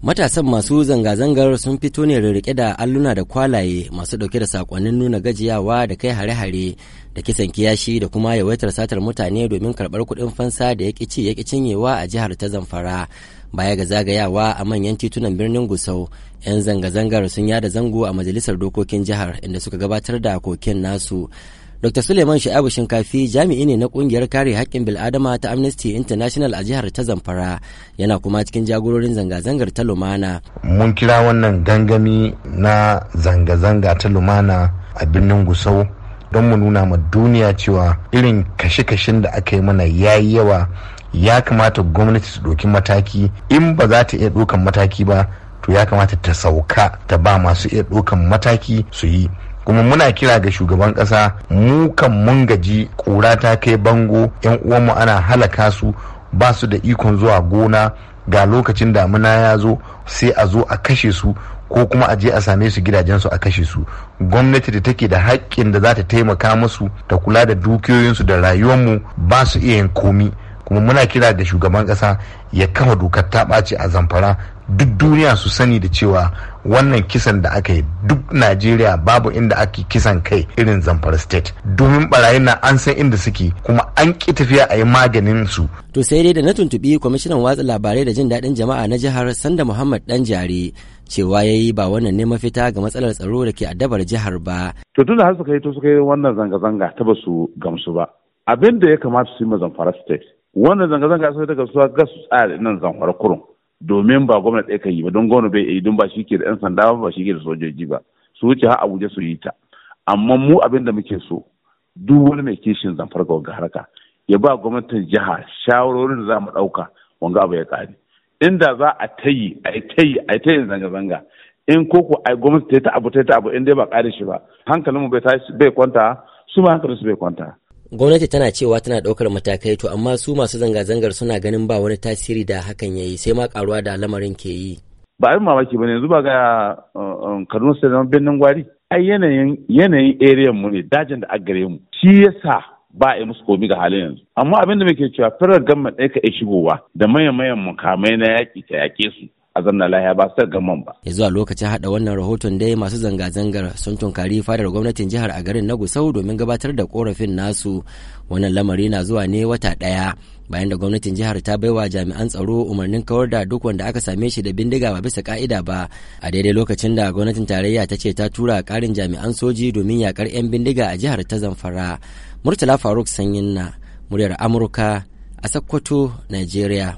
Matasan masu zanga-zangar sun fito ne rirriƙe da alluna da kwalaye masu ɗauke da saƙonnin nuna gajiyawa da kai hare-hare da kisan kiyashi da kuma yawaitar satar mutane domin karɓar kuɗin fansa da ya ƙici ya cinyewa a jihar ta Zamfara. Baya ga zagayawa a manyan titunan birnin Gusau, 'yan zanga-zangar sun yada zango a majalisar dokokin jihar inda suka gabatar da koken nasu. Dr. Suleiman Sha'abu Shinkafi jami'i ne na kungiyar kare haƙƙin bil'adama ta Amnesty International a jihar ta Zamfara yana kuma cikin jagororin zanga-zangar ta Lumana. Mun kira wannan gangami na zanga-zanga ta Lumana a birnin Gusau don mu nuna ma duniya cewa irin kashe-kashen da aka yi mana ya yi yawa ya kamata gwamnati su ɗauki mataki in ba za ta iya ɗaukan mataki ba to ya kamata ta sauka ta ba masu iya ɗaukan mataki su yi kuma muna kira ga shugaban kasa mu kan mun gaji kura ta kai bango yan uwanmu ana halaka su ba su da ikon zuwa gona ga lokacin damuna ya zo sai a zo a kashe su ko kuma a je a same su gidajensu a kashe su gwamnati da take da haƙƙin da za ta taimaka musu da kula da dukiyoyinsu da rayuwarmu ba su iya yin komi kuma muna kira da shugaban ƙasa ya kafa dokar ta ɓaci a zamfara duk duniya su sani da cewa wannan kisan da aka yi duk najeriya babu inda ake kisan kai irin zamfara state domin barayin na an san inda suke kuma an ki tafiya a yi maganin su to sai dai da na tuntubi kwamishinan watsa labarai da jin daɗin jama'a na jihar sanda muhammad dan jare cewa ya yi ba wannan ne mafita ga matsalar tsaro da ke addabar jihar ba to tun da har suka yi to suka yi wannan zanga-zanga ta ba su gamsu ba abin ya kamata su yi ma zamfara state wannan zanga-zanga sai daga su ga su tsaya nan zamfara kurun domin ba gwamnati ɗaya kan yi ba don gwamnati bai yi don ba shi ke da 'yan sanda ba shi ke da sojoji ba su wuce har abuja su yi ta amma mu abin da muke so duk wani mai kishin zamfara ga wanga harka ya ba gwamnatin jiha shawarorin da za mu ɗauka wanga abu ya ƙare inda za a ta yi a ta yi a ta yi zanga-zanga in ko ko ai gwamnati ta yi ta abu ta yi ta abu in dai ba ƙare shi ba hankalinmu bai kwanta su ma hankalinsu bai kwanta gwamnati tana cewa tana ɗaukar matakai to amma su masu zanga-zangar suna ganin ba wani tasiri da hakan ya yi sai ma karuwa da lamarin ke yi ba abin mamaki ba ne yanzu ba ga uh, um, kaduna sai zama birnin gwari ai yanayin yanayin area mu ne dajin da aggare mu shi yasa ba a yi musu komi ga halin yanzu amma abin da muke cewa firar gama ɗaya ka shigowa da mayan mayan mukamai na yaƙi ta yaƙe su a lahiya ba su gaman ba. Ya zuwa lokacin haɗa wannan rahoton dai masu zanga-zangar sun tunkari fadar gwamnatin jihar a garin na Gusau domin gabatar da korafin nasu. Wannan lamari na zuwa ne wata ɗaya bayan da gwamnatin jihar ta bai wa jami'an tsaro umarnin kawar da duk wanda aka same shi da bindiga ba bisa ka'ida ba a daidai lokacin da gwamnatin tarayya ta ce ta tura karin jami'an soji domin yakar 'yan bindiga a jihar ta zamfara murtala faruk sanyin na muryar amurka a sokoto nigeria